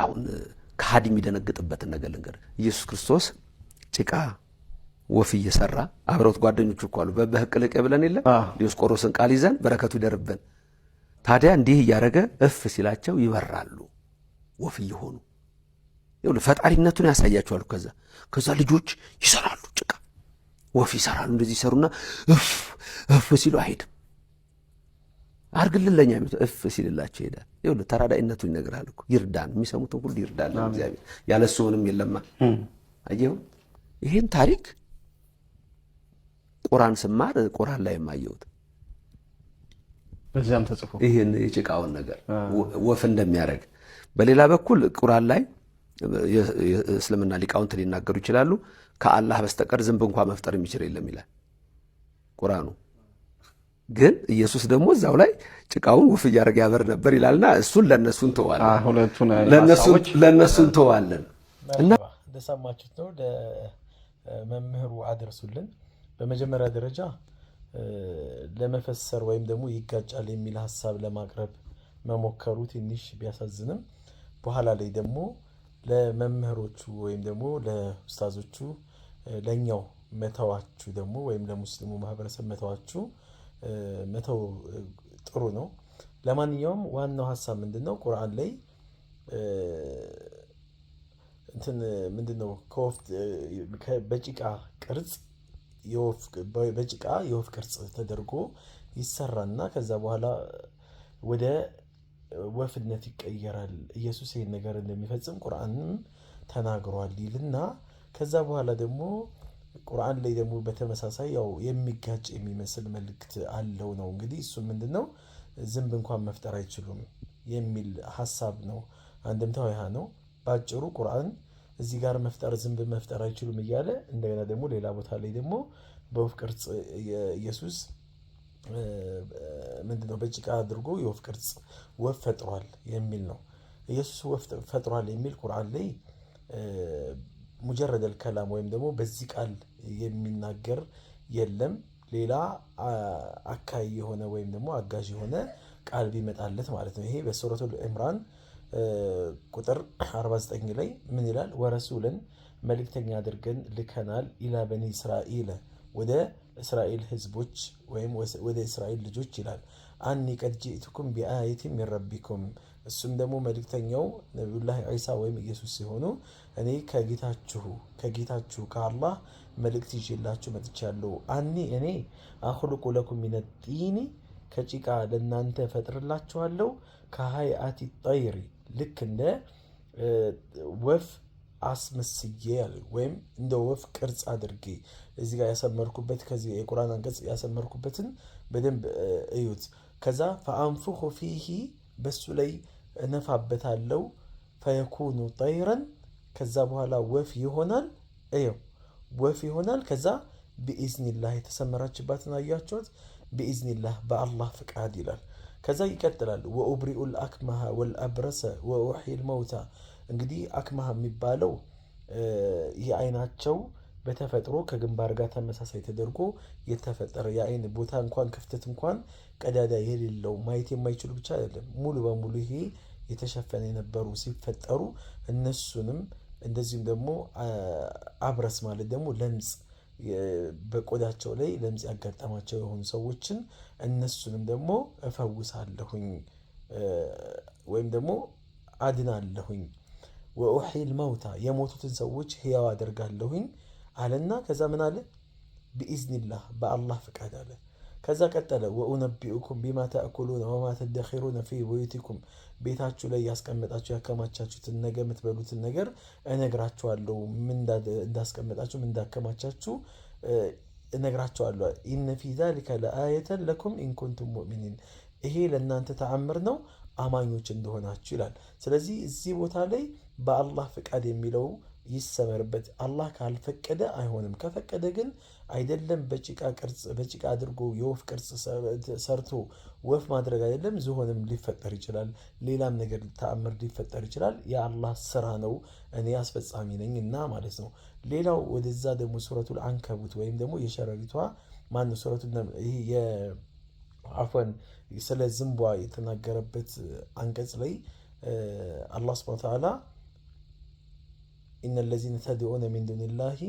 አሁን ከሃዲ የሚደነግጥበትን ነገር ልንገር። ኢየሱስ ክርስቶስ ጭቃ ወፍ እየሰራ አብረውት ጓደኞቹ እኮ አሉ በበህቅልቅ ብለን የለ ዲዮስቆሮስን ቃል ይዘን በረከቱ ይደርብን። ታዲያ እንዲህ እያደረገ እፍ ሲላቸው ይበራሉ ወፍ እየሆኑ ፈጣሪነቱን ያሳያቸዋል። ከዛ ከዛ ልጆች ይሰራሉ ጭቃ ወፍ ይሰራሉ። እንደዚህ ይሰሩና እፍ እፍ ሲሉ አይሄድም አርግልለኛ ለኛ እፍ ሲልላቸው ይሄዳል። ይኸውልህ ተራዳይነቱ ይነግራል እኮ ይርዳን፣ የሚሰሙትን ሁሉ ይርዳል እግዚአብሔር። ያለ እሱ ምንም የለማ። አየኸው ይሄን ታሪክ ቁራን ስማር ቁራን ላይ የማየሁት በዚያም ተጽፎ ይህን የጭቃውን ነገር ወፍ እንደሚያደርግ በሌላ በኩል ቁራን ላይ የእስልምና ሊቃውንት ሊናገሩ ይችላሉ። ከአላህ በስተቀር ዝንብ እንኳ መፍጠር የሚችል የለም ይላል ቁራኑ። ግን ኢየሱስ ደግሞ እዛው ላይ ጭቃውን ውፍ እያደረገ ያበር ነበር ይላልና እሱን ለእነሱ እንተዋለን። እንደሰማችሁት ነው። ለመምህሩ አደርሱልን። በመጀመሪያ ደረጃ ለመፈሰር ወይም ደግሞ ይጋጫል የሚል ሀሳብ ለማቅረብ መሞከሩ ትንሽ ቢያሳዝንም በኋላ ላይ ደግሞ ለመምህሮቹ ወይም ደግሞ ለኡስታዞቹ ለእኛው መተዋችሁ ደግሞ ወይም ለሙስሊሙ ማህበረሰብ መተዋችሁ መተው ጥሩ ነው። ለማንኛውም ዋናው ሀሳብ ምንድን ነው? ቁርአን ላይ እንትን ምንድን ነው በጭቃ ቅርጽ በጭቃ የወፍ ቅርጽ ተደርጎ ይሰራና ከዛ በኋላ ወደ ወፍነት ይቀየራል። ኢየሱስ ይህን ነገር እንደሚፈጽም ቁርአንም ተናግሯል ይልና ከዛ በኋላ ደግሞ ቁርአን ላይ ደግሞ በተመሳሳይ ያው የሚጋጭ የሚመስል መልእክት አለው ነው። እንግዲህ እሱ ምንድን ነው ዝንብ እንኳን መፍጠር አይችሉም የሚል ሀሳብ ነው። አንድምታው ይህ ነው በአጭሩ ቁርአን እዚህ ጋር መፍጠር ዝንብ መፍጠር አይችሉም እያለ እንደገና ደግሞ ሌላ ቦታ ላይ ደግሞ በወፍ ቅርጽ ኢየሱስ ምንድነው በጭቃ አድርጎ የወፍ ቅርጽ ወፍ ፈጥሯል የሚል ነው። ኢየሱስ ወፍ ፈጥሯል የሚል ቁርአን ላይ ሙጀረድ አልከላም ወይም ደግሞ በዚህ ቃል የሚናገር የለም ሌላ አካይ የሆነ ወይም ደግሞ አጋዥ የሆነ ቃል ቢመጣለት ማለት ነው። ይሄ በሱረቱል ኢምራን ቁጥር 49 ላይ ምን ይላል? ወረሱልን መልእክተኛ አድርገን ልከናል ኢላ በኒ እስራኤል ወደ እስራኤል ህዝቦች ወይም ወደ እስራኤል ልጆች ይላል። አኒ ቀድ ጅእትኩም ቢአያት ሚን ረቢኩም እሱም ደግሞ መልእክተኛው ነቢዩላህ ዒሳ ወይም ኢየሱስ ሲሆኑ እኔ ከጌታችሁ ከጌታችሁ ከአላህ መልእክት ይዤላችሁ መጥቻለሁ። አኒ እኔ አኽልቁ ለኩም ሚነ ጢኒ ከጭቃ ለእናንተ ፈጥርላችኋለሁ። ከሀይአቲ ጠይሪ ልክ እንደ ወፍ አስመስዬ ያለ ወይም እንደ ወፍ ቅርጽ አድርጌ እዚህ ጋር ያሰመርኩበት ከዚህ የቁርአን አንቀጽ ያሰመርኩበትን በደንብ እዩት። ከዛ ፈአንፉኹ ፊሂ በሱ ላይ እነፋበታለው ፈየኩኑ ጠይረን ከዛ በኋላ ወፍ ይሆናል። እየው ወፍ ይሆናል። ከዛ ቢኢዝኒላህ የተሰመራችባትን አያችሁት? ቢኢዝኒላህ በአላህ ፍቃድ ይላል። ከዛ ይቀጥላል ወኡብሪኡል ልአክመሃ ወልአብረሰ ወኡሒ መውታ እንግዲህ አክማህ የሚባለው ይህ አይናቸው በተፈጥሮ ከግንባር ጋር ተመሳሳይ ተደርጎ የተፈጠረ የአይን ቦታ እንኳን ክፍተት እንኳን ቀዳዳ የሌለው ማየት የማይችሉ ብቻ አይደለም፣ ሙሉ በሙሉ ይሄ የተሸፈነ የነበሩ ሲፈጠሩ እነሱንም እንደዚሁም ደግሞ አብረስ ማለት ደግሞ ለምጽ በቆዳቸው ላይ ለምጽ ያጋጠማቸው የሆኑ ሰዎችን እነሱንም ደግሞ እፈውሳለሁኝ ወይም ደግሞ አድናለሁኝ ወኡሒል መውታ የሞቱትን ሰዎች ህያው አደርጋለሁኝ አለና ከዛ ምን አለ ቢኢዝኒላህ በአላህ ፍቃድ አለ። ከዛ ቀጠለ ወኡነቢኡኩም ቢማ ተእኩሉነ ወማ ተደኪሩነ ፊ ቡዩቲኩም ቤታችሁ ላይ ያስቀመጣችሁ ያከማቻችሁትን ነገ የምትበሉትን ነገር እነግራችኋለሁ። እንዳስቀመጣችሁ ምን እንዳከማቻችሁ እነግራችኋለሁ። ኢነ ፊ ዛሊከ ለአየተን ለኩም ኢንኩንቱም ሙእሚኒን ይሄ ለእናንተ ተአምር ነው አማኞች እንደሆናችሁ ይላል። ስለዚህ እዚህ ቦታ ላይ በአላህ ፍቃድ የሚለው ይሰመርበት። አላህ ካልፈቀደ አይሆንም። ከፈቀደ ግን አይደለም በጭቃ ቅርጽ በጭቃ አድርጎ የወፍ ቅርጽ ሰርቶ ወፍ ማድረግ አይደለም ዝሆንም ሊፈጠር ይችላል። ሌላም ነገር ተአምር ሊፈጠር ይችላል። የአላህ ስራ ነው። እኔ አስፈጻሚ ነኝ እና ማለት ነው። ሌላው ወደዛ ደግሞ ሱረቱል አንከቡት ወይም ደግሞ የሸረሪቷ ማነው ሱረቱ አፈን ስለ ዝንቧ የተናገረበት አንቀጽ ላይ አላህ ስብሃነ ወተዓላ ኢነለዚነ ተድዑነ ሚን ዱኒላሂ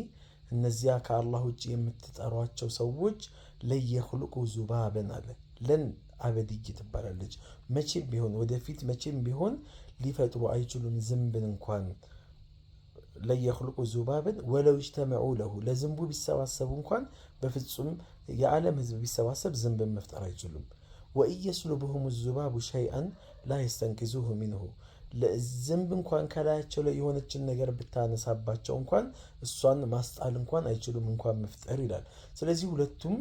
እነዚያ ከአላህ ውጭ የምትጠሯቸው ሰዎች ለየክልቁ ዙባበን አለ ለን አበድይ ትባላለች። መቼም ቢሆን ወደፊት መቼም ቢሆን ሊፈጥሩ አይችሉም ዝንብን እንኳን ለየክልቁ ዙባብን ወለው ይጅተመዑ ለሁ ለዝንቡ ቢሰባሰቡ እንኳን በፍጹም የዓለም ሕዝብ ቢሰባሰብ ዝንብን መፍጠር አይችሉም። ወኢየስሉብሁም ዙባቡ ሸይአን ላይስተንኪዙሁ ሚንሁ ዝንብ እንኳን ከላያቸው ላይ የሆነችን ነገር ብታነሳባቸው እንኳን እሷን ማስጣል እንኳን አይችሉም፣ እንኳን መፍጠር ይላል። ስለዚህ ሁለቱም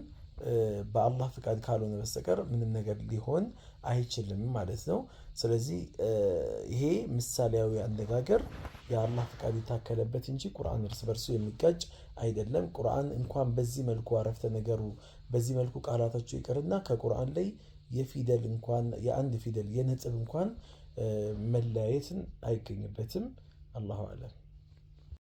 በአላህ ፍቃድ ካልሆነ በስተቀር ምንም ነገር ሊሆን አይችልም ማለት ነው። ስለዚህ ይሄ ምሳሌያዊ አነጋገር የአላህ ፍቃድ የታከለበት እንጂ ቁርአን እርስ በርሱ የሚጋጭ አይደለም። ቁርአን እንኳን በዚህ መልኩ አረፍተ ነገሩ በዚህ መልኩ ቃላታቸው ይቅርና ከቁርአን ላይ የፊደል እንኳን የአንድ ፊደል የነጥብ እንኳን መለያየትን አይገኝበትም። አላሁ አለም።